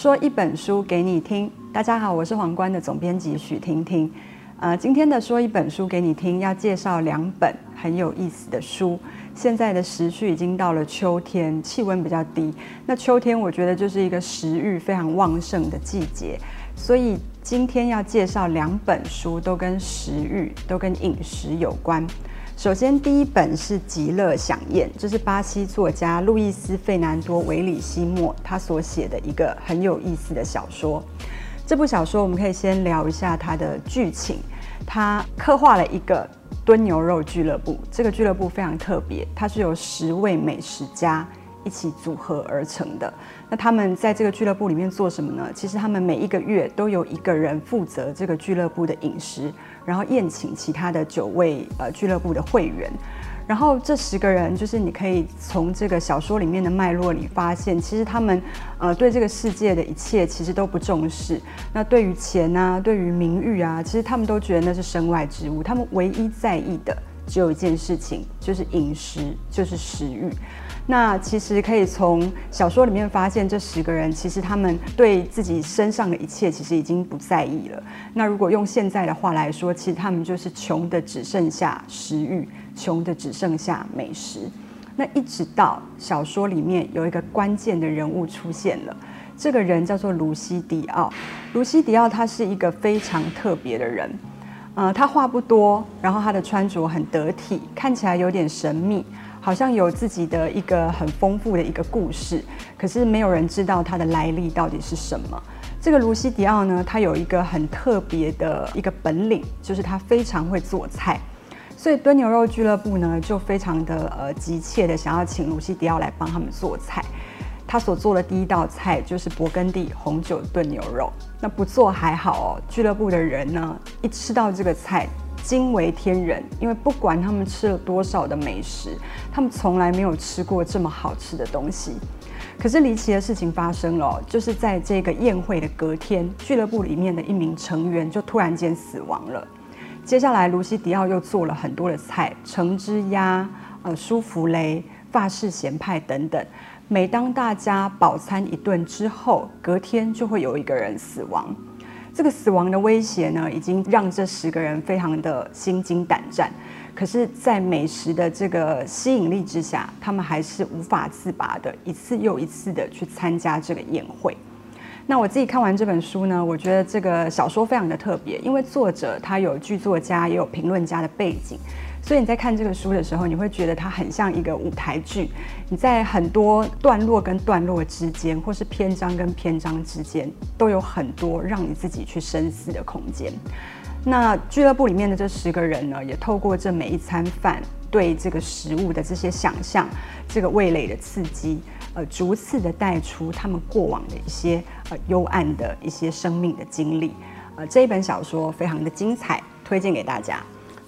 說一本書給你聽。大家好，我是皇冠的總編輯許婷婷。呃，今天的說一本書給你聽，要介紹兩本很有意思的書。現在的時序已經到了秋天，氣溫比較低。那秋天，我覺得就是一個食慾非常旺盛的季節。所以今天要介紹兩本書，都跟食慾、都跟飲食有關。首先，第一本是《極樂饗宴》，這是巴西作家路易斯·費南多·維里西莫他所寫的一個很有意思的小說。這部小說我們可以先聊一下它的劇情。它刻畫了一個燉牛肉俱樂部，這個俱樂部非常特別，它是有十位美食家，一起組合而成的。那他們在這個俱樂部裡面做什麼呢？其實他們每一個月都有一個人負責這個俱樂部的飲食，然後宴請其他的九位呃俱樂部的會員。然後這十個人，就是你可以從這個小說裡面的脈絡裡發現，其實他們呃對這個世界的一切其實都不重視。那對於錢啊，對於名譽啊，其實他們都覺得那是身外之物。他們唯一在意的只有一件事情，就是飲食，就是食欲。那其實可以從小說裡面發現，這十個人其實他們對自己身上的一切其實已經不在意了。那如果用現在的話來說，其實他們就是窮得只剩下食欲，窮得只剩下美食。那一直到小說裡面有一個關鍵的人物出現了，這個人叫做盧西迪奧。盧西迪奧他是一個非常特別的人，呃，他話不多，然後他的穿着很得體，看起來有點神秘。好像有自己的一個很豐富的一個故事，可是沒有人知道它的來歷到底是什麼。這個盧西迪奧呢，他有一個很特別的一個本領，就是他非常會做菜，所以燉牛肉俱樂部呢，就非常的呃、急切的想要請盧西迪奧來幫他們做菜。他所做的第一道菜就是勃艮第紅酒燉牛肉。那不做還好哦，俱樂部的人呢一吃到這個菜。驚為天人，因為不管他們吃了多少的美食，他們從來沒有吃過這麼好吃的東西。可是離奇的事情發生了，就是在這個宴會的隔天，俱樂部裡面的一名成員就突然間死亡了。接下來，盧西迪奧又做了很多的菜，橙汁鴨、呃，舒芙蕾、法式鹹派等等。每當大家飽餐一頓之後，隔天就會有一個人死亡。這個死亡的威脅呢，已經讓這十個人非常的心驚膽戰。可是，在美食的這個吸引力之下，他們還是無法自拔的，一次又一次的去參加這個宴會。那我自己看完這本書呢，我覺得這個小說非常的特別，因為作者他有劇作家也有評論家的背景。所以你在看這個書的時候，你會覺得它很像一個舞台劇。你在很多段落跟段落之間，或是篇章跟篇章之間，都有很多讓你自己去深思的空間。那俱樂部裡面的這十個人呢，也透過這每一餐飯對這個食物的這些想象，這個味蕾的刺激，呃，逐次的帶出他們過往的一些呃幽暗的一些生命的經歷。呃，這一本小說非常的精彩，推薦給大家。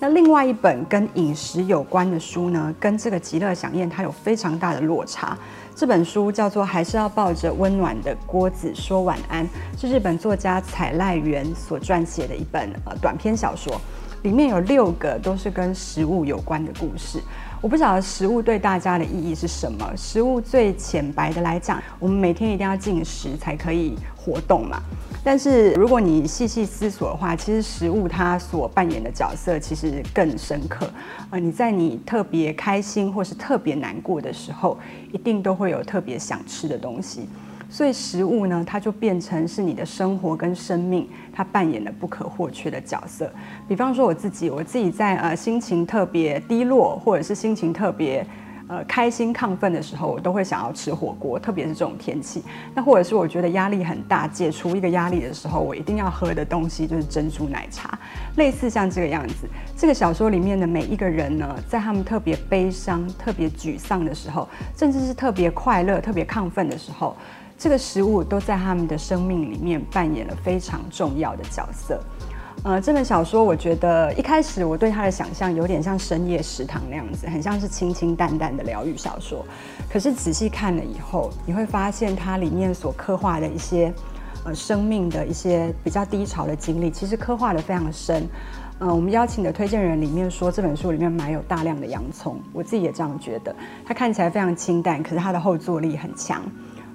那另外一本跟飲食有關的書呢，跟這個《極樂饗宴》它有非常大的落差。這本書叫做《還是要抱着溫暖的鍋子說晚安》，是日本作家采賴原所撰寫的一本呃短篇小說。裡面有六個都是跟食物有關的故事。我不曉得食物對大家的意義是什麼？食物最淺白的來講，我們每天一定要進食才可以活動嘛。但是如果你細細思索的話，其實食物它所扮演的角色其實更深刻。啊、呃，你在你特別開心或是特別難過的時候，一定都會有特別想吃的東西。所以食物呢，它就變成是你的生活跟生命，它扮演了不可或缺的角色。比方說我自己，我自己在呃心情特別低落，或者是心情特別。呃，開心亢奮的時候，我都會想要吃火鍋，特別是這種天氣。那或者是我覺得壓力很大，解除一個壓力的時候，我一定要喝的東西就是珍珠奶茶，類似像這個樣子。這個小說裡面的每一個人呢，在他們特別悲傷、特別沮喪的時候，甚至是特別快樂、特別亢奮的時候，這個食物都在他們的生命裡面扮演了非常重要的角色。呃，這本小說我覺得一開始我對他的想象有點像《深夜食堂》那樣子，很像是清清淡淡的療癒小說。可是仔細看了以後，你會發現它裡面所刻畫的一些，呃，生命的一些比較低潮的經歷，其實刻畫得非常深。嗯、呃，我們邀請的推薦人裡面說這本書裡面埋有大量的洋蔥，我自己也這樣覺得。它看起來非常清淡，可是它的後坐力很強。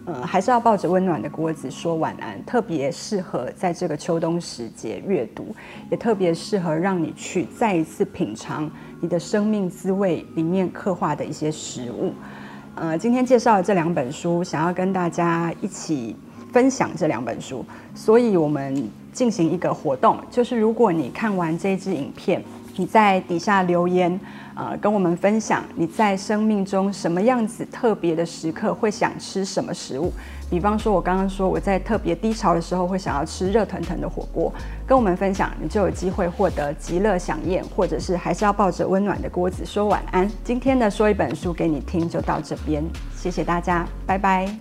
呃、嗯，還是要抱着溫暖的鍋子說晚安，特別適合在這個秋冬時節閱讀，也特別適合讓你去再一次品嘗你的生命滋味裡面刻畫的一些食物。呃、嗯，今天介紹的這兩本書，想要跟大家一起分享這兩本書，所以我們進行一個活動，就是如果你看完這一支影片。你在底下留言，呃，跟我們分享你在生命中什麼樣子特別的時刻會想吃什麼食物，比方說，我剛剛說我在特別低潮的時候會想要吃熱騰騰的火鍋，跟我們分享，你就有機會獲得極樂饗宴，或者是還是要抱着溫暖的鍋子說晚安。今天的說一本書給你聽，就到這邊，謝謝大家，拜拜。